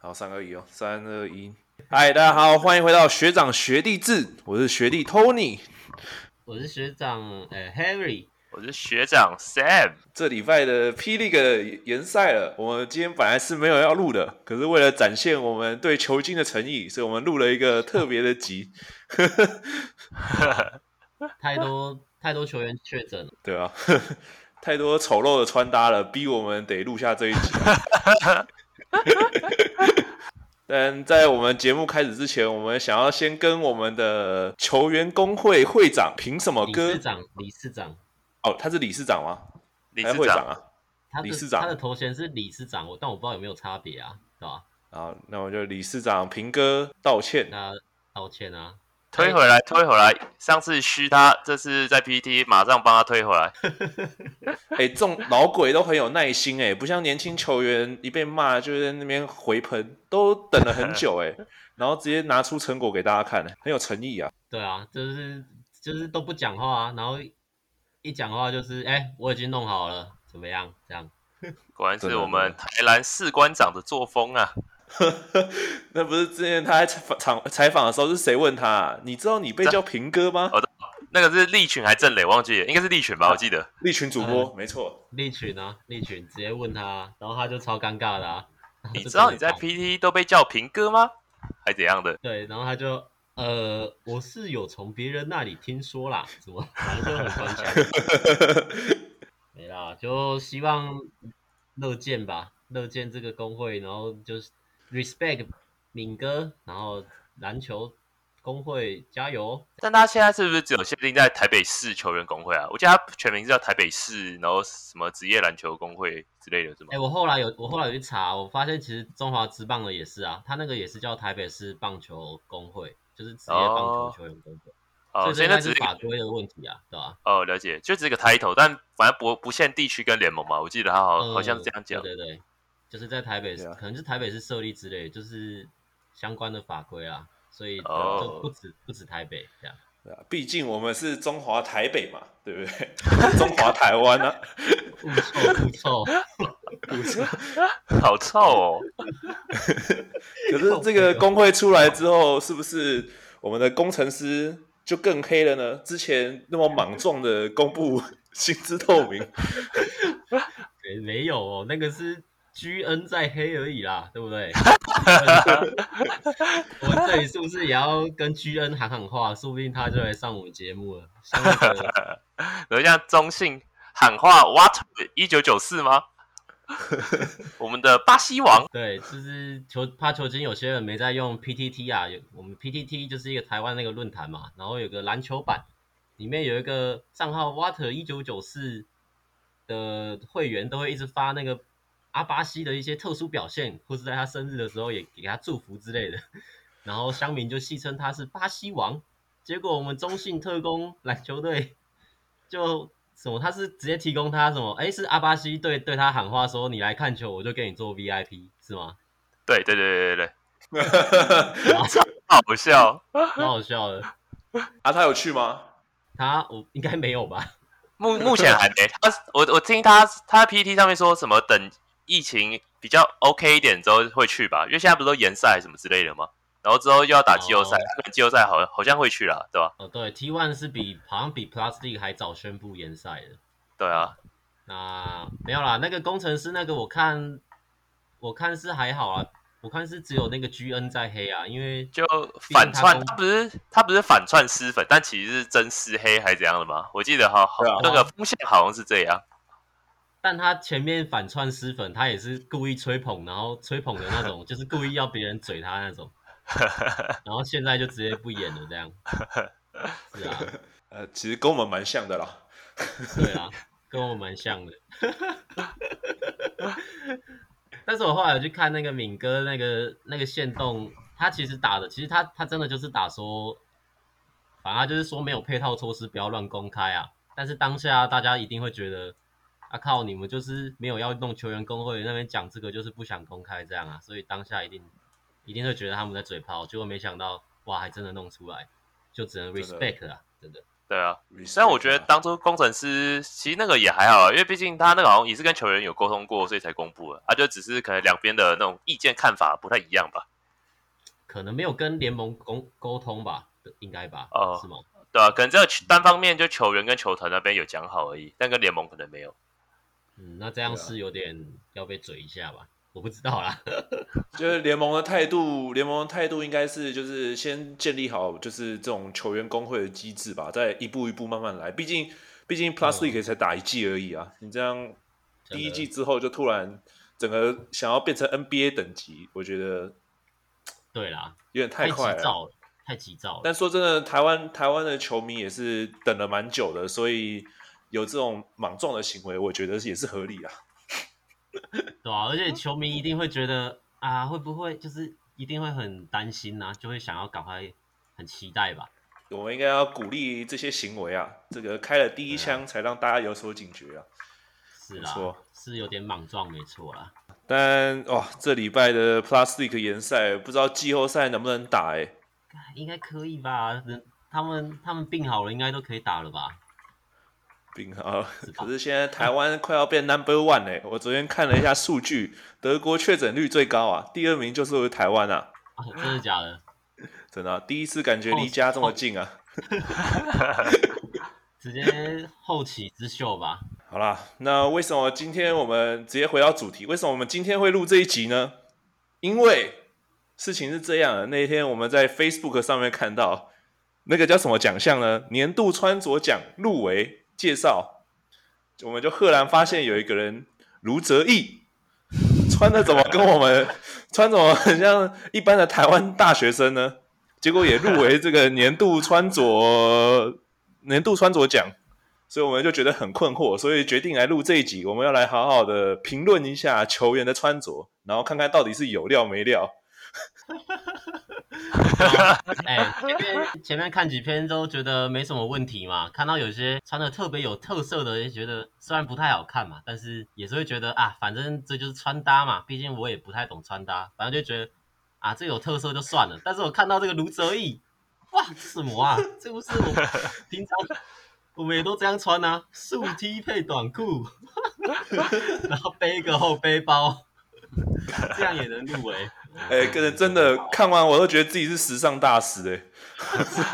好，三二一哦，三二一。嗨，大家好，歡迎回到學長學弟制。我是學弟 Tony，我是學長、欸、Harry，我是學長 Sam。這禮拜的 P. League+ 聯賽了，我們今天本來是沒有要錄的，可是為了展現我們對球精的誠意，所以我們錄了一個特別的集。 太多太多球員確診了，對啊呵呵，太多醜陋的穿搭了，逼我們得錄下這一集。 但在我們節目開始之前，我們想要先跟我們的球員工會會長憑什麼哥長理事長哦，他是理事長嗎？理事長，長啊，他，他的頭銜是理事長，但我不知道有沒有差別啊，對吧、啊？那我就理事長平哥道歉，那、呃、道歉啊。推回來，推回來！上次噓他，這次在 PTT 馬上幫他推回來。哎、 欸，這種老鬼都很有耐心哎、欸，不像年輕球員一被罵就在那邊回噴，都等了很久哎、欸， 然後直接拿出成果給大家看，很有誠意啊。對啊，就是、就是、都不講話、啊、然後一講話就是哎、欸，我已經弄好了，怎麼樣？這樣， 果然是我們台南士官長的作風啊。 那不是之前他在採訪採訪的時候，是誰問他、啊？你知道你被叫平哥嗎、 哦？那個是利群還是鄭磊？忘記了，應該是利群吧，啊，我記得利群主播、嗯、沒錯。利群呢，啊？利群直接問他，然後他就超尷尬的、啊。 你知道你在 PT 都被叫平哥嗎？還怎樣的？ 對，然後他就呃，我是有從別人那裡聽說啦，怎麼反正 很關心， 沒啦，就希望樂見吧，樂見這個工會，然後就是。Respect，敏哥，然後籃球工會加油。但大家現在是不是只有限定在台北市球員工會啊？我記得他全名叫台北市，然後什麼職業籃球工會之類的，是嗎？哎、欸，我後來有，我後來有去查，我發現其實中華職棒的也是啊，他那個也是叫台北市棒球工會，就是職業棒球球員工會。哦，哦，所以那只是法規的問題啊，對吧？哦，了解，就只是個 title，但反正不不限地區跟聯盟嘛。我記得他好、呃、好像是這樣講。對對，對。就是在台北，啊、可能是台北是設立之類，就是相關的法規啊，所以都、oh. 不止不止台北這樣。對啊。畢竟我們是中華台北嘛，對不對？ 中華台灣啊，不錯不錯不錯好臭哦！ 可是這個工會出來之後，是不是我們的工程師就更黑了呢？之前那麼莽撞的公布薪資 透明， 沒有，哦，那個是。G N 在黑而已啦，對不對？ 我們這裡是不是也要跟 G N 喊喊話？說不定他就來上我們節目了。等一下中信喊話 Water 一九九四嗎？ 我們的巴西王對，就是球怕球經，有些人沒在用 P T T 啊，有我們 P T T 就是一個台灣那個論壇嘛，然後有個籃球版，裡面有一個賬號 Water 一九九四的會員都會一直發那個。阿巴西的一些特殊表現，或是在他生日的時候也給他祝福之類的，然後鄉民就戲稱他是巴西王。結果我們中信特攻籃球隊就什麼，他是直接提供他什麼？哎、欸，是阿巴西對對他喊話說：“你來看球，我就給你做 VIP，是嗎？”對對對對對對，好笑，蠻好笑的。啊，他有去嗎？他我應該沒有吧？目目前還沒。他我我聽他他在 PTT 上面說什麼等，疫情比較 OK 一點之後會去吧，因為現在不是都延賽什麼之類的嗎？然後之後又要打季後賽，季後賽好像好像會去了，對吧、啊？哦，對，T1 是比好像比 P. League 還早宣布延賽的。對啊，那沒有啦，那個工程師那個我看我看是還好啊，我看是只有那個 G N 在黑啊，因為就反串他，他不是他不是反串撕粉，但其實是真是黑還是怎樣的嗎？我記得好好、啊、那個風向好像是這樣。但他前面反串撕粉，他也是故意吹捧，然後吹捧的那種， 就是故意要別人嘴他那種。 然後現在就直接不演了，這樣。是啊，呃，其實跟我們蠻像的啦。 對啊，跟我蠻像的。 但是，我後來有去看那個敏哥那個那個限動，他其實打的，其實他他真的就是打說，反正就是說沒有配套措施，不要亂公開啊。但是當下大家一定會覺得。阿、啊、靠！你們就是沒有要弄球員工會那邊講這個，就是不想公開這樣啊，所以當下一定一定會覺得他們在嘴炮，結果沒想到哇，還真的弄出來，就只能 respect 啊，真的。對啊，雖然我覺得當初工程師其實那個也還好，因為畢竟他那個好像也是跟球員有溝通過，所以才公布了，他，啊、就只是可能兩邊的那種意見看法不太一樣吧，可能沒有跟聯盟溝溝通吧，應該吧？哦，是嗎？對啊，可能這個單方面就球員跟球團那邊有講好而已，但跟聯盟可能沒有。嗯，那這樣是有點要被嘴一下吧？啊、我不知道啦。就是聯盟的態度，聯盟的態度應該是就是先建立好就是這種球員工會的機制吧，再一步一步慢慢來。畢竟畢竟 Plus t e e 可才打一季而已啊、嗯，你這樣第一季之後就突然整個想要變成 NBA 等級，我覺得對啦，有點太快了，太急躁了，太急躁了。但說真的，台灣台灣的球迷也是等了蠻久的，所以。有這種莽撞的行為，我覺得也是合理啊， 對啊，而且球迷一定會覺得啊，會不會就是一定會很擔心吶、啊，就會想要趕快很期待吧。我們應該要鼓勵這些行為啊，這個開了第一槍才讓大家有所警覺啊。啊是啊，是有點莽撞，沒錯啦。但哦，這禮拜的 P. League+ 聯賽不知道季後賽能不能打，欸？應該可以吧？他們他們病好了，應該都可以打了吧？啊、可是現在台灣快要變 number one，欸，我昨天看了一下數據，德國確診率最高啊，第二名就是台灣啊！啊！真的假的？真的、啊，第一次感覺離家這麼近啊！ 直接後起之秀吧。好啦，那為什麼今天我們直接回到主題？為什麼我們今天會錄這一集呢？因為事情是這樣的，那一天我們在 Facebook 上面看到那個叫什麼獎項呢？年度穿着獎入圍。介紹，我們就赫然發現有一個人盧哲毅，穿的怎麼跟我們穿的怎麼很像一般的台灣大學生呢？結果也入圍這個年度穿着年度穿着獎，所以我們就覺得很困惑，所以決定來錄這一集，我們要來好好的評論一下球員的穿着，然後看看到底是有料沒料。 哎、 啊欸，前面前面看幾篇都覺得沒什麼問題嘛，看到有些穿得特別有特色的，也覺得雖然不太好看嘛，但是也是會覺得啊，反正這就是穿搭嘛，畢竟我也不太懂穿搭，反正就覺得啊，這有特色就算了。但是我看到這個盧哲義，哇，這什麼啊？這不是我平常我們也都這樣穿啊，素 T 配短褲， 然後背一個後背包。 這樣也能入圍、 欸？哎、嗯，可是真的真、啊、看完我都覺得自己是時尚大師、欸。哎。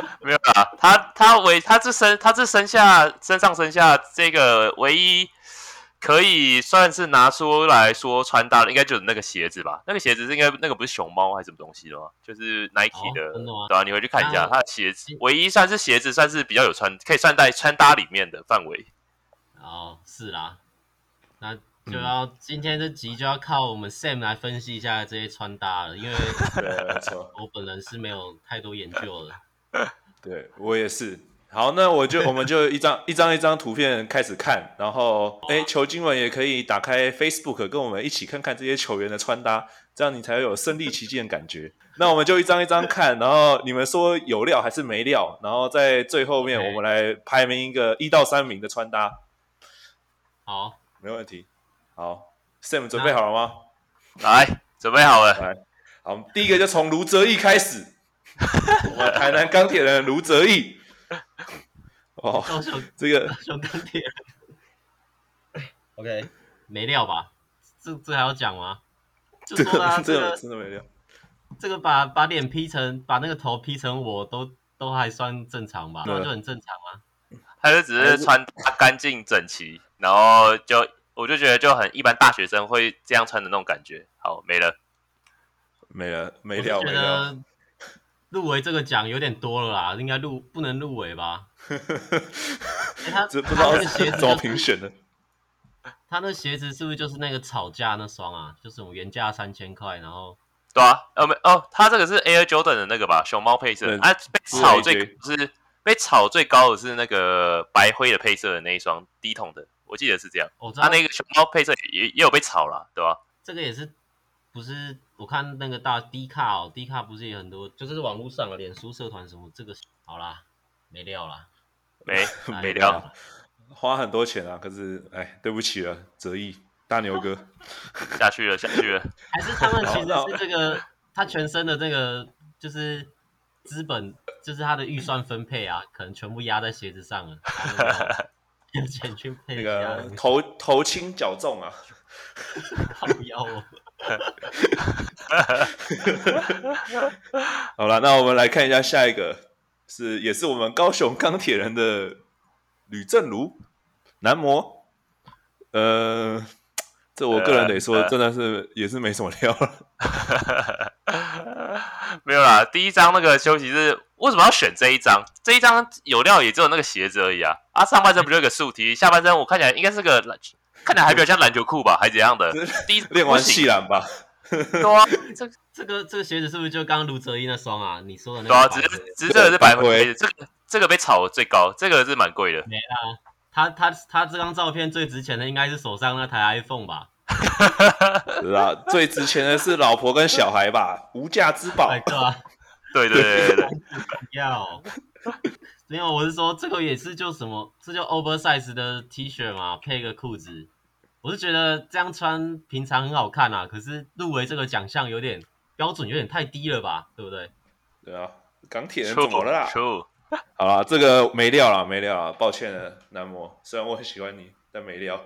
沒有啦，他他唯他是身他這身下身上身下這個唯一可以算是拿出來說穿搭的，應該就是那個鞋子吧？那個鞋子是應該那個不是熊貓還是什麼東西了嗎？就是 Nike 的，哦、的對吧、啊？你回去看一下，他的鞋子唯一算是鞋子算是比較有穿可以算在穿搭裡面的範圍。哦，是啦，那。就要今天這集就要靠我們 Sam 來分析一下這些穿搭了，因為我本人是沒有太多研究的。 對我也是。好，那我就 我們就一張一張一張圖片開始看，然後哎、欸，球經文也可以打開 Facebook 跟我們一起看看這些球員的穿搭，這樣你才有身臨其境的感覺。 那我們就一張一張看，然後你們說有料還是沒料，然後在最後面我們來排名一個一到三名的穿搭。好、okay.，沒問題。好，Sam 準備好了嗎？來，來，準備好了。來，好，我們第一個就從盧哲義開始。我們台南鋼鐵人盧哲義。哦，高雄這個高雄鋼鐵 OK，沒料吧？這這還要講嗎？這個這個真，真的沒料。這個把把臉 P 成，把那個頭 P 成我，我都都還算正常嘛。對，就很正常啊，嗯。他就只是穿搭乾淨整齊，然後就。我就覺得就很一般，大學生會這樣穿的那種感覺。好，沒了，沒了，沒我沒了。我覺得入圍這個獎有點多了啦， 應該入不能入圍吧？他、 欸、不是鞋子怎、就是、 麼評選的？他那鞋子是不是就是那個炒價那雙啊？就是我原價三千塊，然後對啊，哦，沒哦，他這個是 Air Jordan 的那個吧？熊貓配色？啊，被炒最是被炒最高的是那個白灰的配色的那一雙低筒的。我記得是這樣，哦、知道他那個熊貓配色也也有被炒了，對吧、啊？這個也是不是？我看那個大 D 卡哦、喔，D 卡不是有很多，就是網絡上的臉書社團什麼，這個好啦，沒料啦，沒沒料,啦沒料，花很多錢啊。可是哎，對不起了，哲義大牛哥 下去了，下去了。還是他們其實是這個他全身的這個就是資本，就是他的預算分配啊，可能全部壓在鞋子上了。對 去配那個頭頭輕腳重啊，他不要我好了妙、哦， 那我們來看一下下一個，是也是我們高雄鋼鐵人的呂政儒男模。呃，這我個人得說，真的是也是沒什麼料了、呃。呃、 沒有啦，第一張那個休息日。為什麼要選這一張？這一張有料也只有那個鞋子而已啊！啊，上半身不就一個素 T，下半身我看起來應該是個，看起來還比較像籃球褲吧，還是怎樣的？第一次練完系籃吧。多、啊， 這這個這個鞋子是不是就剛剛盧哲一那雙啊？你說的那個、啊。只是只是這個是白灰，這個、這個被炒最高，這個是蠻貴的。沒啦，他他他這張照片最值錢的應該是手上那台 iPhone 吧？哈哈哈是啊，最值錢的是老婆跟小孩吧，無價之寶。哎對啊。對對對對， 要 沒有我是說這個也是就什麼這叫 oversize 的 T 恤嘛，配個褲子，我是覺得這樣穿平常很好看啊，可是入圍這個獎項有點標準有點太低了吧，對不對？對啊，鋼鐵人怎麼了啦？好啦，這個沒料了，沒料了，抱歉了，男模。雖然我很喜歡你，但沒料。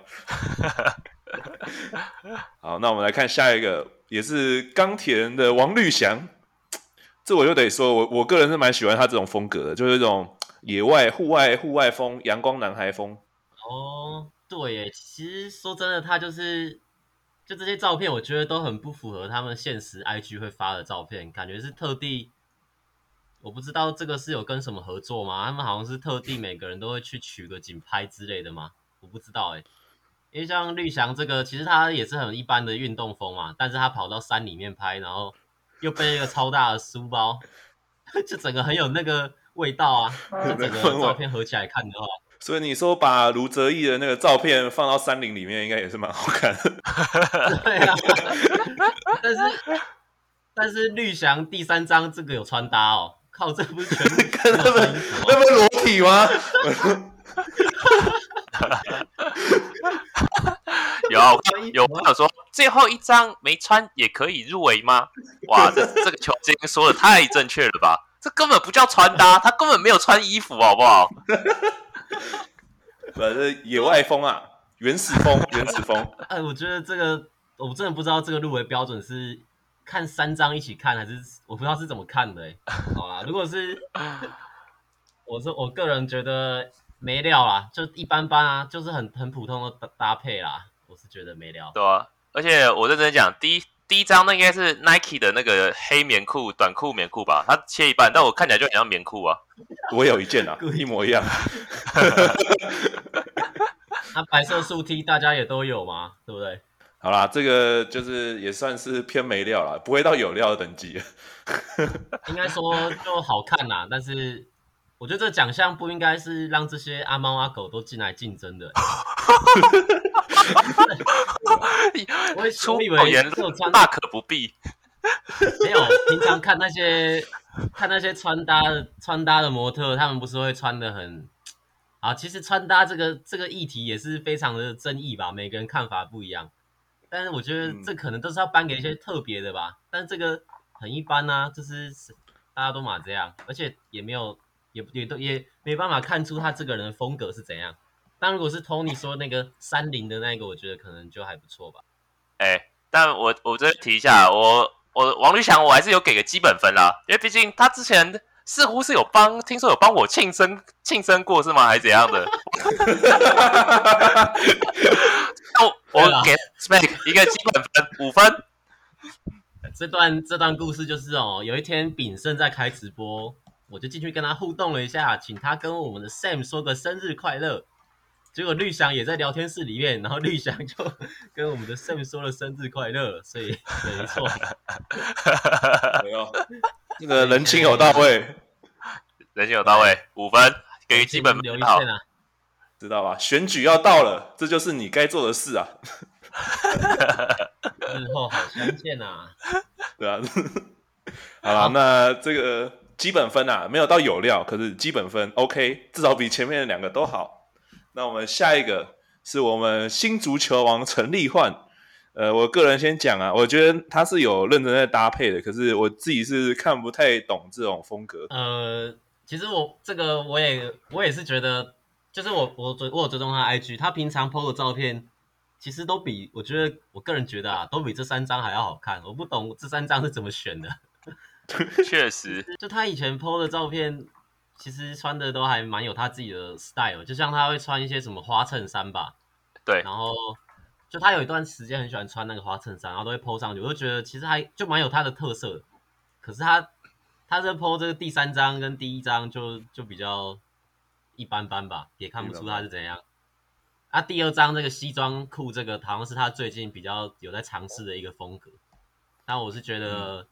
好，那我們來看下一個，也是鋼鐵人的王律翔。這我就得說，我我個人是蠻喜歡他這種風格的，就是這種野外、戶外、戶外風、陽光男孩風。哦，對耶，其實說真的，他就是就這些照片，我覺得都很不符合他們現實 IG 會發的照片，感覺是特地，我不知道這個是有跟什麼合作嗎？他們好像是特地每個人都會去取個景拍之類的嗎？我不知道哎，因為像綠翔這個，其實他也是很一般的運動風嘛，但是他跑到山裡面拍，然後。又背一個超大的書包，就整個很有那個味道啊！就整個照片合起來看的話， 所以你說把盧哲義的那個照片放到山林裡面，應該也是蠻好看的。 對啊，但是但是綠翔第三張這個有穿搭哦，靠這部部，這不是全跟他們，這不是裸體嗎？ okay. 有、啊、有朋友說最後一張沒穿也可以入圍嗎？哇，這這個球精說得太正確了吧！這根本不叫穿搭，啊，他根本沒有穿衣服，好不好？反 正野外風啊，原始風，原始風 呃。我覺得這個，我真的不知道這個入圍標準是看三張一起看，還是我不知道是怎麼看的、欸。好啦，如果是、嗯、我是我個人覺得沒料啦，就一般般啊，就是很很普通的搭配啦。我是覺得沒料，對啊，而且我認真講，第一第一張那應該是 Nike 的那個黑棉褲、短褲、棉褲吧？它切一半，但我看起來就很像棉褲啊。我有一件啊，各 一模一樣。那 白色素 T 大家也都有嘛，對不對？好啦，這個就是也算是偏沒料了，不會到有料的等級。 應該說就好看啦，但是我覺得這獎項不應該是讓這些阿貓阿狗都進來競爭的欸。 哈哈，我會出以為這種穿搭大可不必。 沒有，平常看那些看那些穿搭穿搭的模特，他們不是會穿的很啊？其實穿搭這個這個議題也是非常的爭議吧，每個人看法不一樣。但是我覺得這可能都是要頒給一些特別的吧，嗯、但這個很一般啊，就是大家都嘛這樣，而且也沒有也也都也，也沒辦法看出他這個人的風格是怎樣。但如果是 Tony 說那個三零的那個，我覺得可能就還不錯吧。哎、欸，但我我再提一下，我我王律翔我還是有給個基本分啦，因為畢竟他之前似乎是有幫，聽說有幫我慶生慶生過是嗎？還是怎樣的？那 我，我給 Sam 一個基本分五分。 這段這段故事就是哦，有一天炳勝在開直播，我就進去跟他互動了一下，請他跟我們的 Sam 說個生日快樂。結果綠翔也在聊天室裡面，然後綠翔就跟我們的 Sam 說了生日快樂，所以沒錯，沒 有、哎、這個人情有到位，哎哎哎、人情有到位、哎、五分，給基本分留一線、啊、好，知道吧？選舉要到了，這就是你該做的事啊！ 日後好相見啊！ 對啊，好了，那這個基本分啊，沒有到有料，可是基本分 OK，至少比前面的兩個都好。那我們下一個是我們新足球王陳立煥，呃，我個人先講啊，我覺得他是有認真在搭配的，可是我自己是看不太懂這種風格。呃，其實我這個我也我也是覺得，就是我我追我有追蹤他 IG，他平常 PO 的照片，其實都比我覺得我個人覺得啊，都比這三張還要好看。我不懂這三張是怎麼選的，確實，其實就他以前 PO 的照片。其實穿的都還蠻有他自己的 style，就像他會穿一些什麼花襯衫吧，對，然後就他有一段時間很喜歡穿那個花襯衫，然後都會 po 上去，我就覺得其實還就蠻有他的特色。可是他他這個 po 這個第三張跟第一張就就比較一般般吧，也看不出他是怎樣。啊，第二張這個西裝褲這個好像是他最近比較有在嘗試的一個風格，但我是覺得、嗯、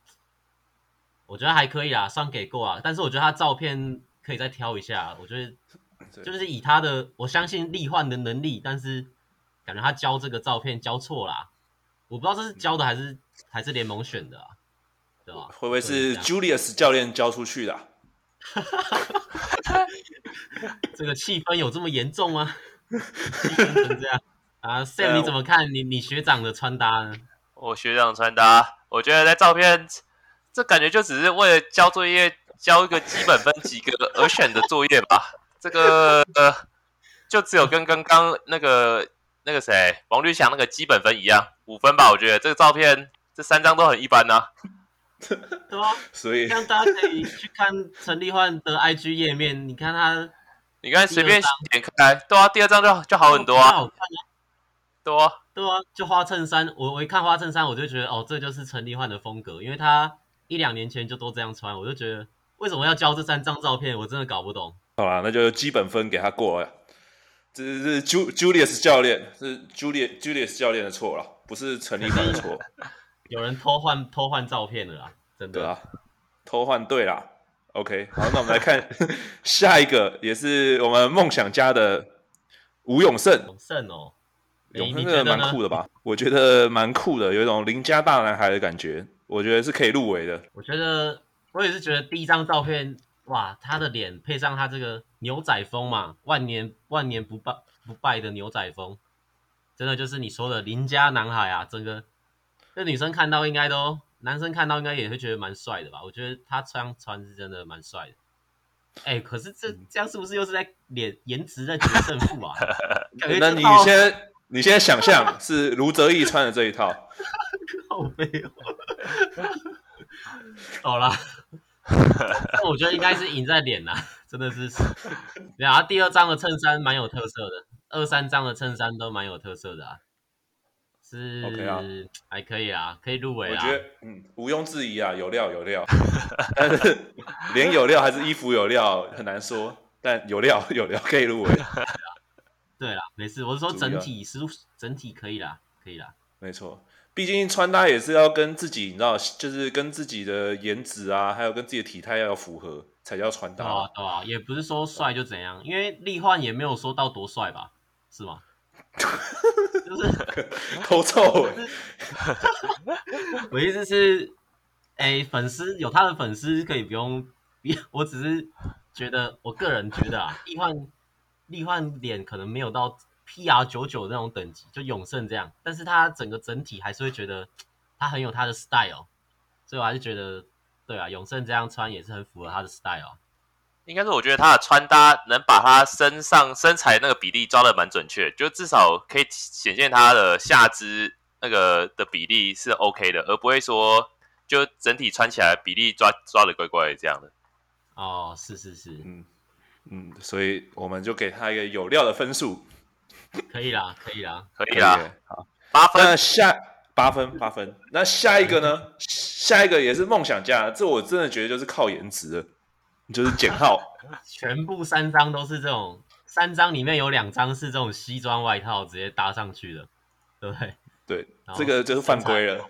我覺得還可以啦，算給過啊，但是我覺得他照片，可以再挑一下，我覺得就是以他的，我相信力換的能力，但是感覺他交這個照片交錯了、啊，我不知道這是交的還是、嗯、還是聯盟選的、啊，對吧，會不會是 Julius 教練交出去的、啊？ 這個氣氛有這麼嚴重嗎？ 啊，Sam、嗯、你怎麼看你你學長的穿搭呢？我學長穿搭，我覺得在照片這感覺就只是為了交作業，交一個基本分及格而選的作業吧， 這個、呃、就只有跟剛剛那個那個誰王綠祥那個基本分一樣，五分吧。我覺得這個照片這三張都很一般呢？、啊，對啊，所以這樣大家可以去看陳立煥的 IG 頁面，你看他，你看隨便點開，對啊，第二張就就好很多啊，好看啊，對啊對啊，就花襯衫，我我一看花襯衫，我就覺得哦，這就是陳立煥的風格，因為他一兩年前就都這樣穿，我就覺得。為什麼要交這三張照片？我真的搞不懂。好啦，那就基本分給他過了。這是，是 Ju, Julius 教練是 Ju, Julius 教練的錯啦，不是陳立的錯。 有人偷換偷換照片了啦，真的。對啊，偷換對啦。OK，好，那我們來看 下一個，也是我們夢想家的吳永盛。 永盛哦、欸，永盛真的蠻酷的吧？我覺得蠻酷的，有一種鄰家大男孩的感覺，我覺得是可以入圍的。我覺得。我也是覺得第一張照片，哇，他的臉配上他這個牛仔風嘛，萬年萬年不敗不敗的牛仔風，真的就是你說的鄰家男孩啊！整個那女生看到應該都，男生看到應該也會覺得蠻帥的吧？我覺得他這樣穿是真的蠻帥的。哎、欸，可是這這樣是不是又是在臉顏值在決勝負啊？ 那你先 你先想象是盧哲義穿的這一套，好 靠沒有？ 好啦。 我覺得應該是贏在臉啦，真的是。然後第二張的襯衫蠻有特色的，二三張的襯衫都蠻有特色的啊，是，okay 啊、還可以啊，可以入圍啊。我覺得，嗯，毋庸置疑啊，有料有料。 但是，臉有料還是衣服有料很難說，但有料有料可以入圍。 對啦對啦，沒事，我是說整體是整體可以啦，可以啦。沒錯。畢竟穿搭也是要跟自己，你知道，就是跟自己的顏值啊，還有跟自己的體態要符合，才叫穿搭對。對吧？也不是說帥就怎樣，因為立煥也沒有說到多帥吧，是嗎？ 就是口臭、欸就是。我意思是，哎、欸，粉絲有他的粉絲可以不用，我只是覺得，我個人覺得啊，立煥，立煥臉可能沒有到。PR99 那種等級，就永勝這樣，但是他整個整體還是會覺得他很有他的 style，所以我還是覺得，對啊，永勝這樣穿也是很符合他的 style。應該是我覺得他的穿搭能把他身上身材那個比例抓得蠻準確，就至少可以顯現他的下肢那個的比例是 OK 的，而不會說就整體穿起來比例抓抓的怪怪這樣的。哦，是是是，嗯嗯，所以我們就給他一個有料的分數。可以啦，可以啦，可以啦，以好，八分。那下八分，八分。那下一個呢？ 下一個也是夢想家，這我真的覺得就是靠顏值了，就是簡浩。 全部三張都是這種，三張裡面有兩張是這種西裝外套直接搭上去的。對不對？對，然後這個就是犯規了，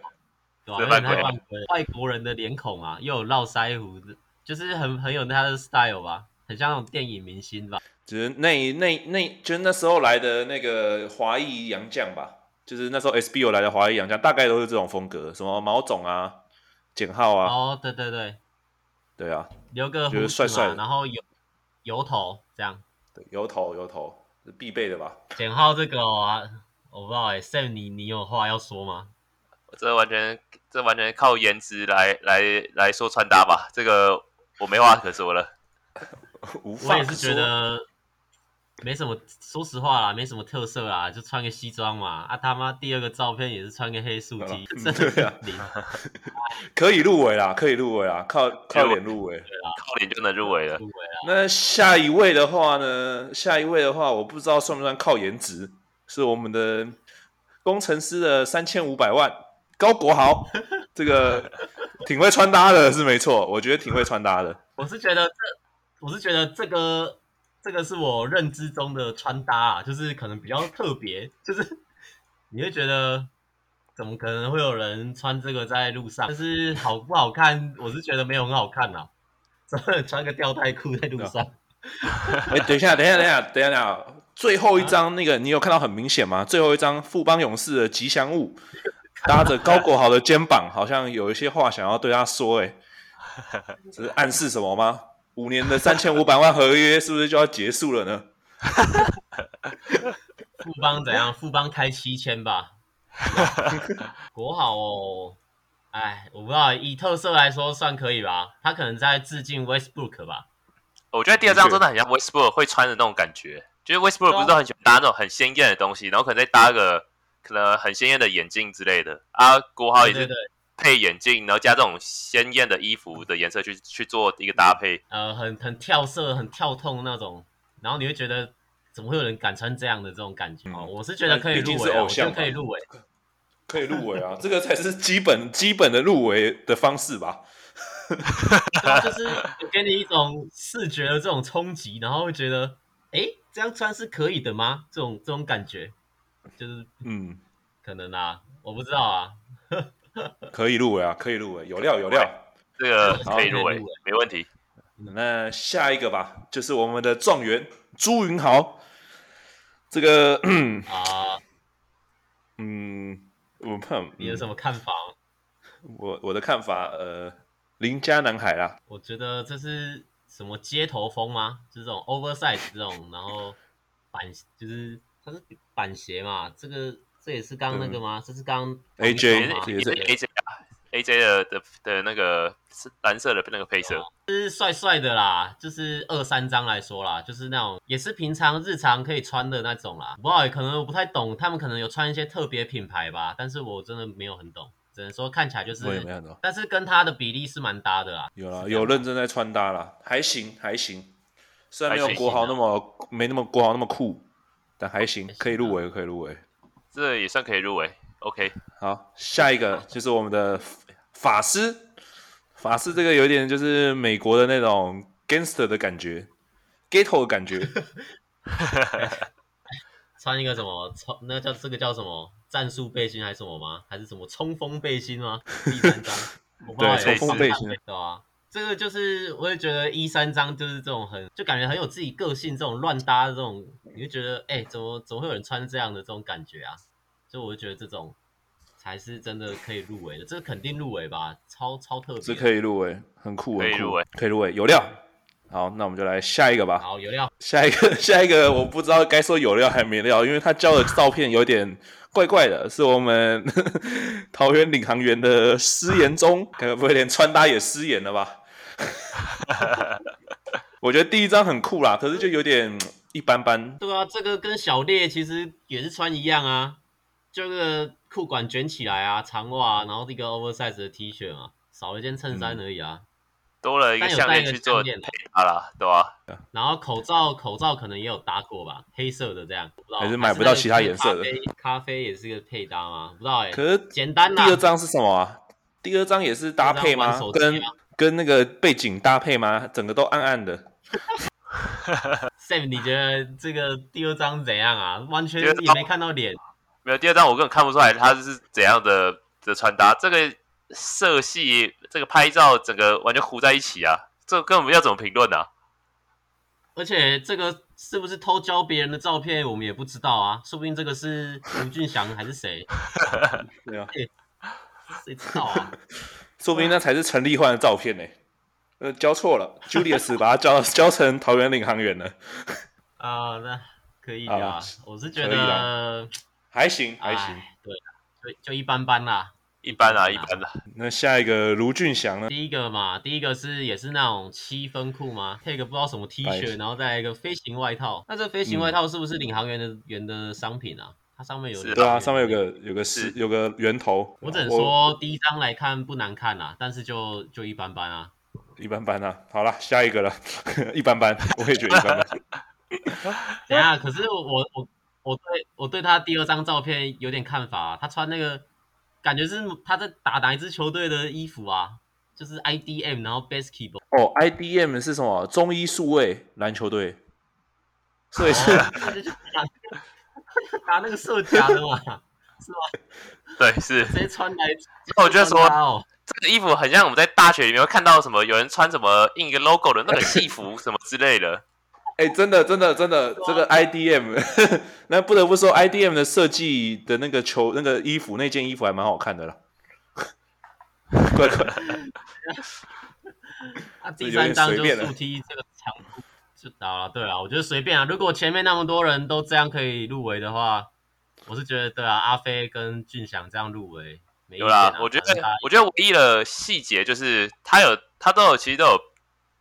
對、啊，犯規。外國人的臉孔啊，又有絡腮鬍，就是很很有他的 style 吧，很像那種電影明星吧。就是那那那，就是那時候來的那個華裔洋將吧，就是那時候 SBO 來的華裔洋將，大概都是這種風格，什麼毛總啊、簡浩啊。哦，對對對，對啊，留個鬍子嘛，就是帥帥，然後油油頭這樣。對，油頭油頭是必備的吧？簡浩這個我、啊，我不知道、欸、，Sam 你你有話要說嗎？這完全這完全靠顏值來來來說穿搭吧，這個我沒話可說了， 我也是覺得。沒什麼，說實話啦，沒什麼特色啦，就穿個西裝嘛。啊他媽，第二個照片也是穿個黑素肌、嗯，真、嗯啊、可以入圍啦，可以入圍啦，靠靠臉入圍，靠臉就能入圍了。那下一位的話呢？下一位的話，我不知道算不算靠顏值，是我們的工程師的三千五百萬高國豪， 這個挺會穿搭的，是沒錯，我覺得挺會穿搭的。我是覺得這，我是覺得這個。這個是我認知中的穿搭啊，就是可能比較特別，就是你會覺得怎麼可能會有人穿這個在路上？就是好不好看，我是覺得沒有很好看啦、啊。 穿個吊帶褲在路上。哎，等一下，等一下，等一下，等一下，最後一張那個你有看到很明顯嗎？最後一張富邦勇士的吉祥物搭着高國豪的肩膀， 好像有一些話想要對他說、欸，哎，這是暗示什麼嗎？五年的三千五百萬合約是不是就要結束了呢？ 富邦怎樣？富邦開七千吧。 國豪、哦，哎，我不知道，以特色來說算可以吧。他可能在致敬 Westbrook 吧。我覺得第二張真的很像 Westbrook 會穿的那種感覺，就是 Westbrook 不是很喜歡搭那種很鮮豔的東西，啊、然後可能再搭個可能很鮮豔的眼鏡之類的。啊，國豪也是。對對對配眼鏡，然後加這種鮮豔的衣服的顏色去去做一個搭配，呃，很很跳色、很跳痛那種，然後你會覺得，怎麼會有人敢穿這樣的這種感覺？哦、嗯，我是覺得可以入圍、啊，可以入圍，可以入圍啊！ 這個才是基本基本的入圍的方式吧。 就,就是給你一種視覺的這種衝擊，然後會覺得，哎、欸，這樣穿是可以的嗎？這種這種感覺，就是嗯，可能啊，我不知道啊。 可以入圍啊，可以入圍，有料有料，這個可以入圍，沒問題。那下一個吧，就是我們的狀元朱雲豪，這個啊，嗯，我你有什麼看法？我我的看法，呃，鄰家男孩啦。我覺得這是什麼街頭風嗎？就這種 oversize 這種，然後板就是它是板鞋嘛，這個。這也是剛剛那個嗎？嗯、這是剛 AJ，AJ AJ 的的的的那個是藍色的那個配色，這是帥帥的啦，就是二三張來說啦，就是那種也是平常日常可以穿的那種啦。不好意思，可能我不太懂，他們可能有穿一些特別品牌吧，但是我真的沒有很懂，只能說看起來就是，但是跟他的比例是蠻搭的啦。有啦，有認真在穿搭啦，還行還行，雖然沒有國豪那麼、啊、沒那麼國豪那麼酷，但還行，可以入圍可以入圍。哦這個也算可以入圍，OK。好，下一個就是我們的法師。法師這個有點就是美國的那種 gangster 的感覺，Ghetto 的感覺。 穿一個什麼？穿那個叫這個叫什麼？戰術背心還是什麼嗎？還是什麼衝鋒背心嗎？第三張， 對，衝鋒背心，啊。這個就是，我也覺得一三章就是這種很，就感覺很有自己個性，這種亂搭的這種，你就覺得，哎、欸，怎麼怎麼會有人穿這樣的這種感覺啊？所以我就覺得這種才是真的可以入圍的，這個肯定入圍吧，超超特別，這可以入圍，很酷很酷，可以入圍，可以入圍，有料。好，那我們就來下一個吧。好，有料。下一個，下一個，我不知道該說有料還沒料，因為他交的照片有點怪怪的。是我們 桃園領航員的失言中，該不會連穿搭也失言了吧？ 我覺得第一張很酷啦，可是就有點一般般。對啊，這個跟小烈其實也是穿一樣啊，就是褲管卷起來啊，長襪啊，然後一個 oversize 的 T 恤嘛啊，少了一件襯衫而已啊。嗯。多了一個項鏈去做配搭了，對吧？然後口罩口罩可能也有搭過吧，黑色的這樣，還是買不到其他顏色的。咖啡也是個配搭嗎？不知道哎。可是簡單。第二張是什麼？第二張也是搭配嗎？跟跟那個背景搭配嗎？整個都暗暗的 Sam， 你覺得這個第二張怎樣啊？完全也沒看到臉。沒有第二張，我根本看不出來他是怎樣的的穿搭。這個。色系，這個拍照整個完全糊在一起啊！這根本我們要怎麼評論呢？而且這個是不是偷交別人的照片，我們也不知道啊。說不定這個是吳俊祥還是誰？對 啊、嗯，誰、欸、知道啊？ 說不定那才是陳立煥的照片呢、欸。呃，交錯了 ，Julius 把他交交成桃園領航員了。啊、呃，那可以啊。我是覺得還行、啊，還行，對，就一般般啦。一般啊，一般啦、啊。那下一個盧峻翔呢？第一個嘛，第一個是也是那種七分褲嘛，配個不知道什麼 T 恤，哎、然後再一個飛行外套。那這飛行外套是不是領航員的、嗯、員的商品啊？它上面有啊，對啊，上面有個有個是有個圓頭。我只能說第一張來看不難看啊，但是就就一般般啊。一般般啊，好了，下一個了， 一般般，我也覺得一般般。 等下，可是我我我對我對他第二張照片有點看法、啊，他穿那個。感覺是他在打哪一支球隊的衣服啊？就是 IDM，然後 basketball。哦、oh,，IDM 是什麼？中醫數位籃球隊，所以是、啊 哦。他打那個射球的嘛， 是吧？對，是。直接穿來、哦，我覺得說這個衣服很像我們在大學裡面會看到什麼，有人穿什麼印一個 logo 的那個戲服什麼之類的。 哎、欸，真的，真的，真的，這個 IDM，、啊、 那不得不說 IDM 的設計的那個球，那個衣服，那件衣服還蠻好看的啦 乖乖了。怪可愛的。那第三張就豎踢這個牆就是的 對啊，我覺得隨便啊。如果前面那麼多人都這樣可以入圍的話，我是覺得對啊，阿飛跟俊祥這樣入圍沒，啊、有啦，我覺得他他，我覺得唯一的細節就是他有，他都有，其實都有。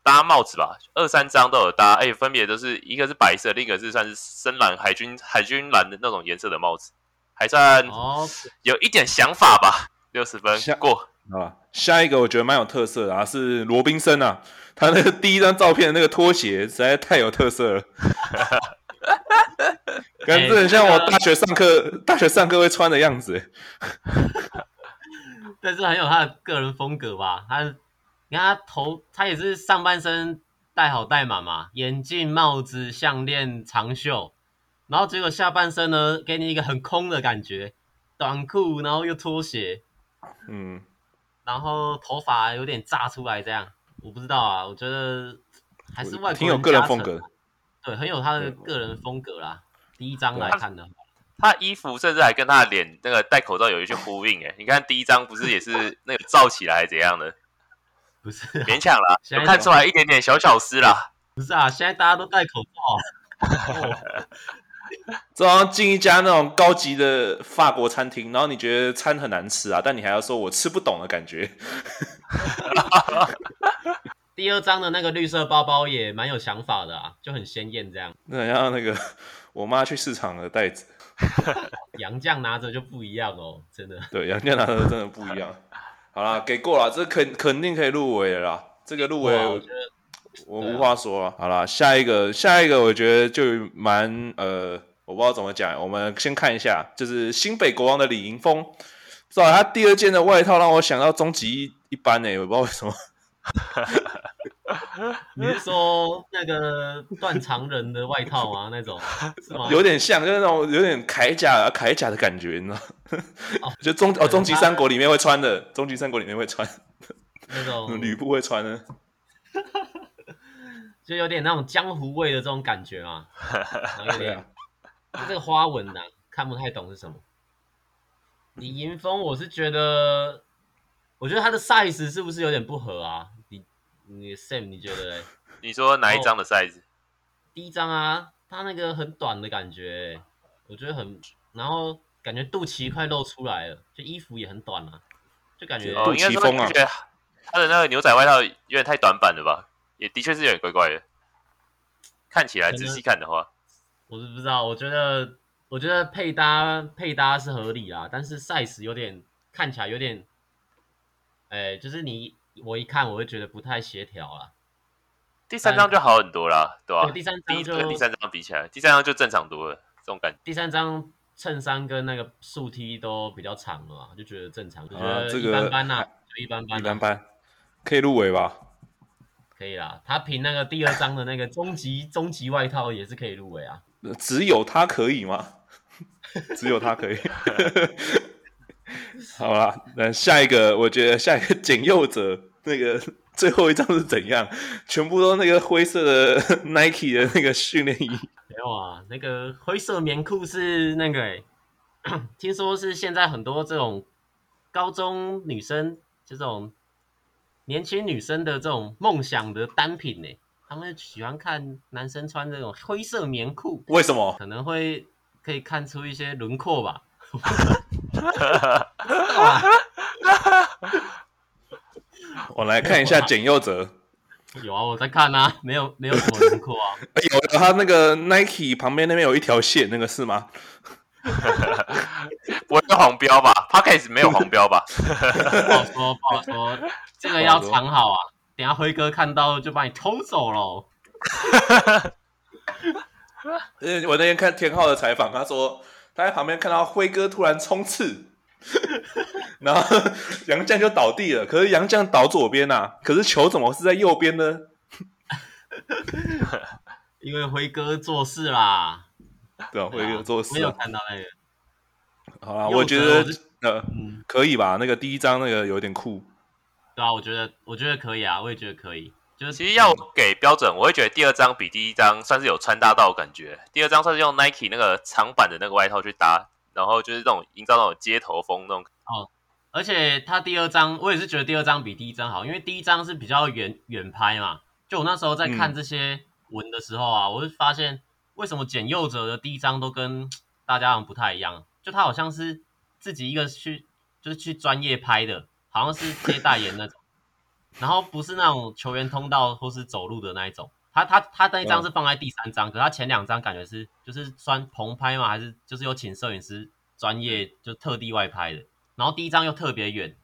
搭帽子吧，二三張都有搭，哎、欸，分別都是，一個是白色，另一個是算是深藍海軍海軍藍的那種顏色的帽子，還算有一點想法吧，六十分，哦、下，過。好，下一個我覺得蠻有特色的啊，是羅賓森啊，他那個第一張照片的那個拖鞋實在太有特色了，哈哈哈哈感覺很像我大學上課，欸、大學上課會穿的樣子， 但是很有他的個人風格吧，他。他頭他也是上半身戴好戴滿嘛，眼鏡、帽子、項鏈、長袖，然後結果下半身呢給你一個很空的感覺，短褲，然後又拖鞋，嗯，然後頭髮有點炸出來這樣，我不知道啊，我覺得還是外國挺有個人風格，對，很有他的個人風格啦。嗯、第一張來看的他，他衣服甚至還跟他的臉那個戴口罩有一些呼應誒， 你看第一張不是也是那個罩起來還怎樣的？不是、啊、勉強了，我看出來一點點小巧思了。不是啊，現在大家都戴口罩。哦。哈哈這進一家那種高級的法國餐廳，然後你覺得餐很難吃啊，但你還要說我吃不懂的感覺。 第二張的那個綠色包包也蠻有想法的啊，就很鮮豔這樣。那像那個我媽去市場的袋子。楊 絳 拿着就不一樣哦，真的。對，楊絳拿着真的不一樣。 好啦，給過了，這肯肯定可以入圍了。這個入圍我，我覺得我無話說了、啊。好啦，下一個，下一個，我覺得就蠻呃，我不知道怎麼講。我們先看一下，就是新北國王的李盈峰，是吧？他第二件的外套讓我想到終極一班呢、欸，我不知道為什麼。你 是說那個斷腸人的外套嗎、啊？那種是嗎？有點像，就是那種有點鎧甲、啊，鎧甲的感覺，你知道？就終哦，《終極、哦、三國》裡面會穿的，《終極三國》裡面會穿那種呂、呃、布會穿的，就有點那種江湖味的這種感覺嘛。有點， 這個花紋吶、啊，看不太懂是什麼。李迎峰，我是覺得，我覺得他的 size 是不是有點不合啊？你 Sam，你覺得嘞？ 你說哪一張的 size？第一張啊，他那個很短的感覺、欸，我覺得很，然後感覺肚臍快露出來了，就衣服也很短啊。就感覺、欸。哦、啊，應該說感覺他的那個牛仔外套有點太短版了吧？也的確是有點怪怪的，看起來仔細看的話的。我是不知道，我覺得我覺得配搭配搭是合理啦，但是 size 有點看起來有點，哎、欸，就是你。我一看，我就覺得不太協調啦。第三張就好很多了，對吧？第三張跟第三張比起來，第三張就正常多了，這種感覺。第三張襯衫跟那個素 T 都比較長了嘛，就覺得正常。啊、就覺得一般般啦，啊，這個、一般般、啊。一般般，可以入圍吧？可以啦，他憑那個第二張的那個終極 終極外套也是可以入圍啊。只有他可以嗎？ 只有他可以。 好啦，那下一個，我覺得下一個簡祐哲那個最後一張是怎樣？全部都那個灰色的 Nike 的那個訓練衣。沒有啊，那個灰色棉褲是那個哎、欸， 聽說是現在很多這種高中女生就這種年輕女生的這種夢想的單品呢、欸。她們喜歡看男生穿這種灰色棉褲，為什麼？可能會可以看出一些輪廓吧。 哈 哈，我來看一下簡佑哲。有啊，我在看吶、啊，沒有沒有左輪廓啊。 有他那個 Nike 旁邊那邊有一條線，那個是嗎？ 不是黃標吧？Pockets 沒有黃標吧？不 好說，不好說，這個要藏好啊！等下輝哥看到就把你偷走了。哈哈，嗯，我那天看天浩的採訪，他說。他在旁邊看到輝哥突然衝刺， 然後洋將就倒地了。可是洋將倒左邊啊，可是球怎麼是在右邊呢？ 因為輝哥做事啦。對啊，輝、啊、哥做事、啊。沒有看到那個。好了、啊、我覺得呃、嗯、可以吧。那個第一張那個有點酷。對啊，我覺得我覺得可以啊，我也覺得可以。就是其實要給標準，我會覺得第二張比第一張算是有穿搭到的感覺。第二張算是用 Nike 那個長版的那個外套去搭，然後就是這種營造那種街頭風那種。哦，而且他第二張，我也是覺得第二張比第一張好，因為第一張是比較遠遠拍嘛。就我那時候在看這些文的時候啊，嗯、我會發現為什麼簡祐哲的第一張都跟大家好像不太一樣，就他好像是自己一個去就是去專業拍的，好像是接代言那種。 然後不是那種球員通道或是走路的那一種，他他他那一張是放在第三張，哦，可他前兩張感覺是就是算棚拍嘛，還是就是有請攝影師專業就特地外拍的。然後第一張又特別遠，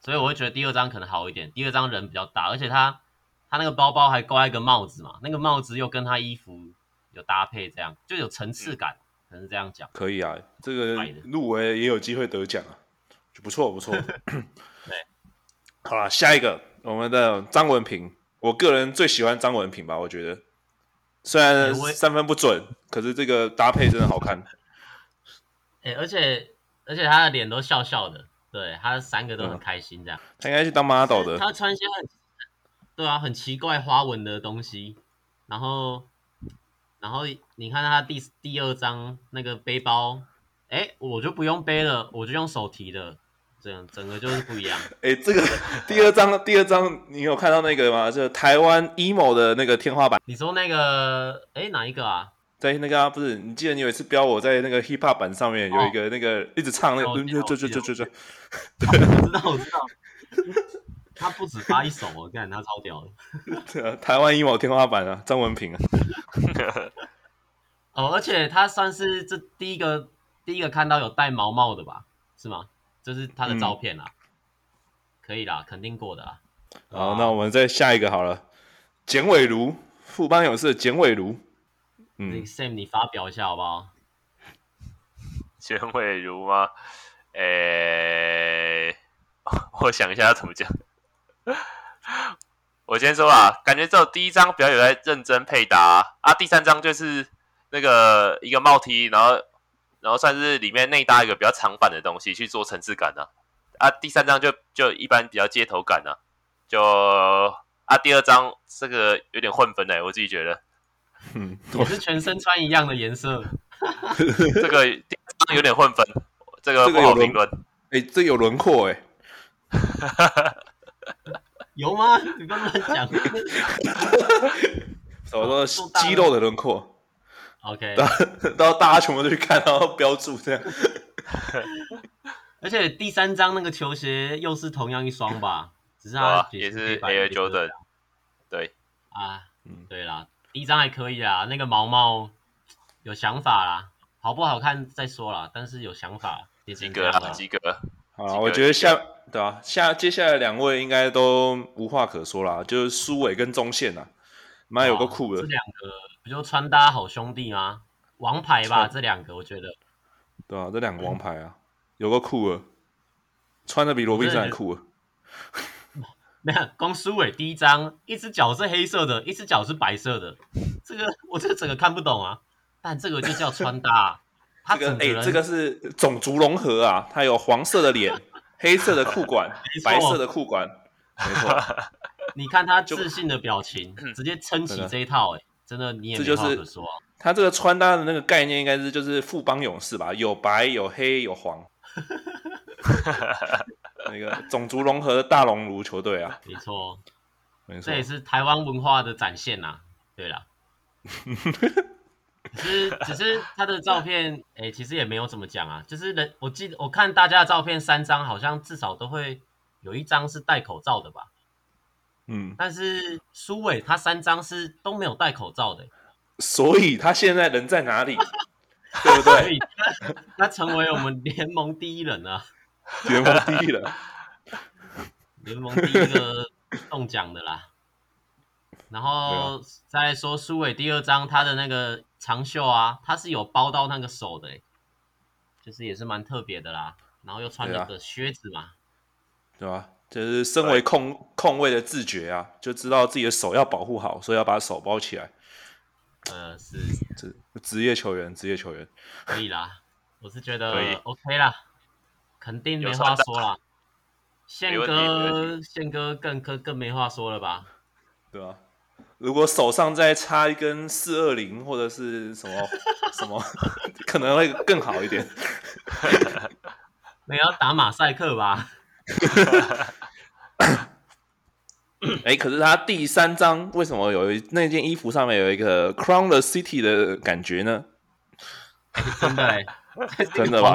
所以我會覺得第二張可能好一點。第二張人比較大，而且他他那個包包還掛一個帽子嘛，那個帽子又跟他衣服有搭配，這樣就有層次感，可、嗯、能是這樣講。可以啊，這個入圍也有機會得獎啊，就不錯不錯。不錯 好了，下一個。我們的張文平，我個人最喜歡張文平吧，我覺得雖然三分不準，可是這個搭配真的好看。哎，而且而且他的臉都笑笑的，對，他三個都很開心這樣。嗯，他應該是當 model 的。他穿些很，對啊，很奇怪花紋的東西。然後然後你看他第第二張那個背包，哎，我就不用背了，我就用手提的。這樣整個就是不一樣。哎、欸，這個 第二張第二張，你有看到那個嗎？就台灣 emo 的那個天花板。你說那個，哎、欸，哪一個啊？在那個、啊、不是，你記得你有一次標我在那個 hip hop 版上面有一個、哦、那個一直唱那個，就就就就就，我知道 我知道，知道 他不止發一首、喔，我幹，他超屌的。 台灣 emo 天花板啊，張文平啊。 哦，而且他算是這第一個第一個看到有戴毛帽的吧？是嗎？這、就是他的照片啦，啊嗯，可以啦，肯定過的啦。好，好，那我們再下一個好了。簡偉儒，富邦勇士的。簡偉儒，嗯，Sam，你發表一下好不好？簡偉儒嗎？誒、欸，我想一下要怎麼講。 我先說啊，感覺這第一張比較有在認真配搭啊，啊第三張就是那個一個帽 T，然後。然後算是裡面內搭一個比較長版的東西去做層次感的、啊，啊，第三張就就一般比較街頭感的、啊，就啊，第二張這個有點混分哎、欸，我自己覺得，嗯，我是全身穿一樣的顏色， 這個第二張有點混分，這個不好評論，哎、這個欸，這個、有輪廓哎、欸， 有嗎？你剛剛講， 什麼說的、哦、肌肉的輪廓？O.K. 到到大家全部都去看，然後標註這樣。 而且第三張那個球鞋又是同樣一雙吧？只是它 也是 Air Jordan。A. 對啊，嗯，對啦。第一張還可以啦，那個毛毛有想法啦，好不好看再說啦，但是有想法，及格、啊、及格好啦，及格。我覺得下對啊，下、下接下來兩位應該都無話可說啦，就是蘇偉跟中線啦，蠻有個酷的。這兩個。比如穿搭好兄弟嗎？王牌吧，這兩個我覺得。對啊，這兩個王牌啊，哎、有個酷啊，穿的比羅賓遜還酷。啊。看，光蘇第一張，一只腳是黑色的，一只腳是白色的。這個我這整個看不懂啊。但這個就叫穿搭、啊。 他哎、這個欸，這個是種族融合啊。它有黃色的臉， 黑色的褲管，白色的褲管。沒錯。 你看他自信的表情， 直接撐起這一套、欸 真的你也說，啊、這就是他這個穿搭的那個概念應該是，就是富邦勇士吧，有白有黑有黃，那個種族融合的大熔爐球隊啊，沒錯，這也是台灣文化的展現吶、啊。對啦。只是只是他的照片，哎，其實也沒有怎麼講啊。就是人我記得我看大家的照片三張，好像至少都會有一張是戴口罩的吧。嗯，但是蘇偉他三張是都沒有戴口罩的，所以他現在人在哪裡？ 對不對？他他成為我們聯盟第一人啊！聯盟第一人， 聯盟第一個中獎的啦。然後再說蘇偉第二張，他的那個長袖啊，他是有包到那個手的，就是也是蠻特別的啦。然後又穿了個靴子嘛，對吧？啊，對啊就是身為控控衛的自覺啊，就知道自己的手要保護好，所以要把手包起來。呃，是職職業球員，職業球員可以啦。我是覺得 OK 啦，肯定沒話說啦。憲哥，憲哥更更更沒話說了吧？對啊，如果手上再插一根四二零或者是什麼 什麼，可能會更好一點。你 要 打馬賽克吧？哎、 欸，可是他第三張為什麼有一那件衣服上面有一個 Crown the City 的感覺呢？欸、真的哎， 真的吧？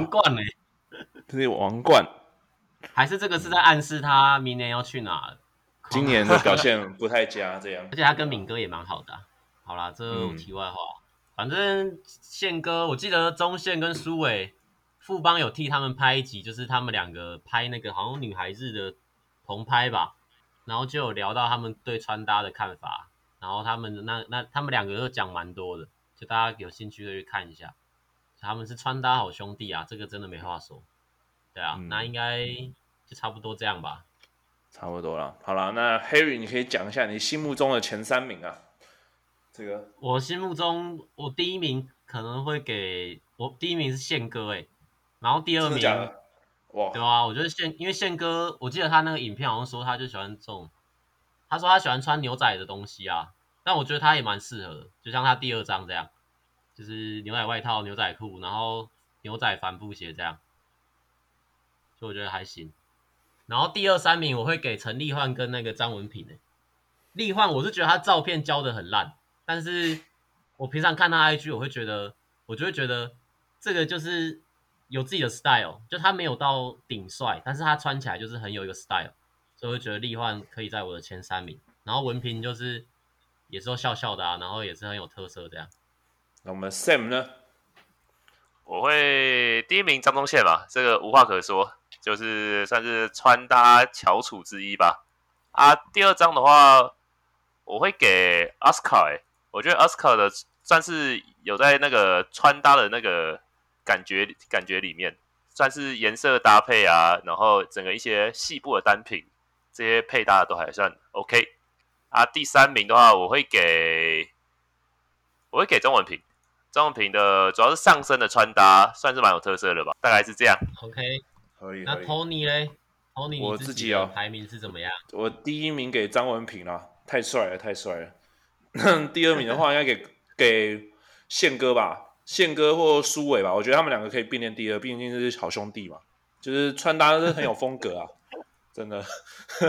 這是王冠，還是這個是在暗示他明年要去哪兒？今年的表現不太佳， 這樣。而且他跟敏哥也蠻好的、啊。好啦，這題、個、外話，嗯、反正憲哥，我記得中憲跟蘇偉。富邦有替他們拍一集，就是他們兩個拍那個好像女孩子的同拍吧，然後就有聊到他們對穿搭的看法，然後他們那那他們兩個都講蠻多的，就大家有興趣可以去看一下，他們是穿搭好兄弟啊，這個真的沒話說。對啊，嗯、那應該就差不多這樣吧。差不多了，好了，那 Harry 你可以講一下你心目中的前三名啊。這個我心目中我第一名可能會給我第一名是憲哥、欸，哎。然後第二名，的的哇，對啊，我覺得憲，因為憲哥，我記得他那個影片，好像說他就喜歡這種，他說他喜歡穿牛仔的東西啊，但我覺得他也蠻適合的，就像他第二張這樣，就是牛仔外套、牛仔褲，然後牛仔帆布鞋這樣，所以我覺得還行。然後第二三名我會給陳立煥跟那個張文平誒，立煥我是覺得他照片交的很爛，但是我平常看他 IG 我會覺得，我就會覺得這個就是。有自己的 style，就他沒有到頂帥，但是他穿起來就是很有一個 style，所以我覺得力幻可以在我的前三名。然後文憑就是也是說笑笑的、啊，然後也是很有特色的呀。那我們 Sam 呢？我會第一名張宗憲吧，這個無話可說，就是算是穿搭翹楚之一吧。啊，第二張的話，我會給奧斯卡。哎，我覺得奧斯卡的算是有在那個穿搭的那個。感覺感覺裡面算是顏色的搭配啊，然後整個一些細部的單品，這些配搭都還算 OK。啊，第三名的話我，我會給我會給張文平，張文平的主要是上身的穿搭算是蠻有特色的吧，大概是這樣。OK，可以。那 Tony 嘞，Tony，我自己，有自己排名是怎麼樣？我第一名給張文平、啊、了，太帥了，太帥了。第二名的話應，應、Okay. 該給給憲哥吧。憲哥或蘇偉吧，我覺得他們兩個可以並列第二，畢竟是好兄弟嘛。就是穿搭是很有風格啊，真的，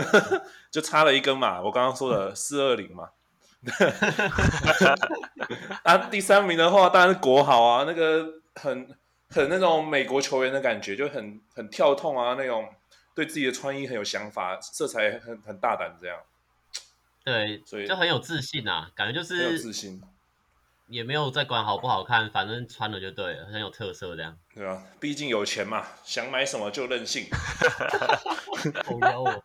就差了一根嘛。我剛剛說的420嘛。 啊，第三名的話當然是國豪啊，那個很很那種美國球員的感覺，就很很跳痛啊那種，對自己的穿衣很有想法，色彩很很大膽這樣。對，所以就很有自信啊，感覺就是。很有自信。也沒有再管好不好看，反正穿了就對了，很有特色這樣。對啊，畢竟有錢嘛，想買什麼就任性。不要我。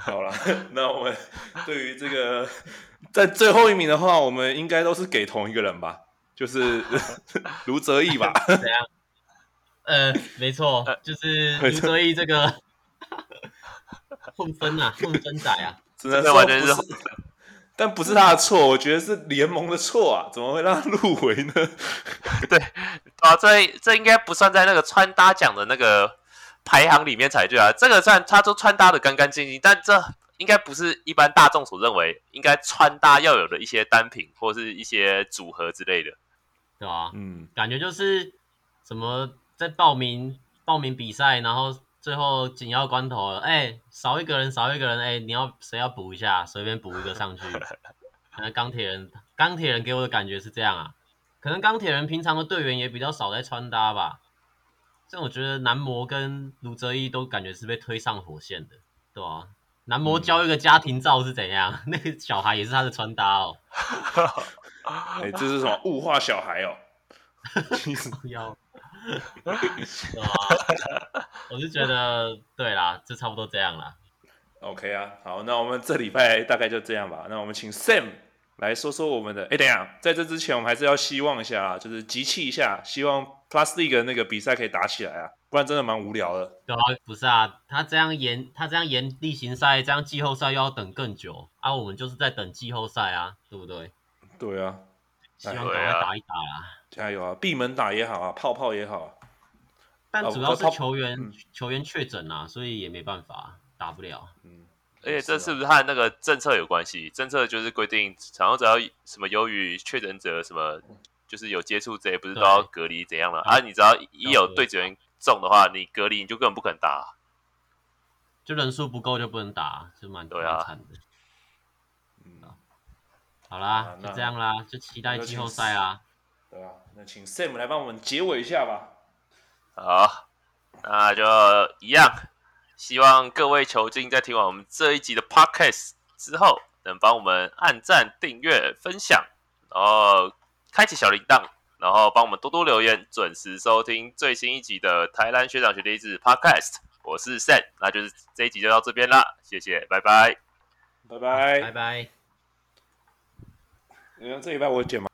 好了，那我們對於這個在最後一名的話，我們應該都是給同一個人吧？就是盧哲 義吧？ 怎樣？嗯、呃，沒錯、呃，就是盧哲義這個 混分啊，混分仔啊，只、這、能、個、是完全認。但不是他的錯，我覺得是聯盟的錯啊！怎麼會讓他入圍呢？ 對，啊，這這應該不算在那個穿搭獎的那個排行裡面才對啊！這個算他都穿搭的乾乾淨淨，但這應該不是一般大眾所認為應該穿搭要有的一些單品或是一些組合之類的，對吧、啊？嗯，感覺就是什麼在報名報名比賽，然後。最後緊要關頭了，哎、欸，少一個人，少一個人，哎、欸，你要誰要補一下，隨便補一個上去。那鋼鐵人，鋼鐵人給我的感覺是這樣啊，可能鋼鐵人平常的隊員也比較少在穿搭吧。所以我覺得男模跟盧哲一都感覺是被推上火線的，對吧、啊？男模教一個家庭照是怎樣、嗯？那個小孩也是他的穿搭哦。哎 、欸，這是什麼？物化小孩哦？ 我就覺得 對啦，就差不多這樣啦。OK 啊，好，那我們這禮拜大概就這樣吧。那我們請 Sam 來說說我們的。哎、欸，等一下，在這之前，我們還是要希望一下啊，就是集氣一下，希望 Plus League 那個比賽可以打起來啊，不然真的蠻無聊的。不、啊，不是啊，他這樣延，他這樣延例行賽，這樣季後賽又要等更久啊。我們就是在等季後賽啊，對不對？對啊。希打一打啊，對啊，加油啊！閉門打也好啊，泡泡也好。但主要是球員、啊、球員確診啊、嗯，所以也沒辦法打不了。嗯、就是了，而且這是不是和那個政策有關係？政策就是規定，常常只要什麼由於確診者什麼，就是有接觸者不是都要隔離怎樣了？啊，你只要一,一有對球員中的話，你隔離你就根本不可能打。就人數不夠就不能打，是蠻慘的。好啦，就這樣啦，就期待季後賽啊！對啊，那請 Sam 來幫我們結尾一下吧。好，那就一樣。希望各位球精在聽完我們這一集的 Podcast 之後，能幫我們按讚、訂閱、分享，然後開啟小鈴鐺，然後幫我們多多留言，準時收聽最新一集的《台籃學長學帝雉 Podcast》。我是 Sam，那就是這一集就到這邊啦，謝謝，拜拜，拜拜，拜拜。你、嗯、看這一半我剪嘛。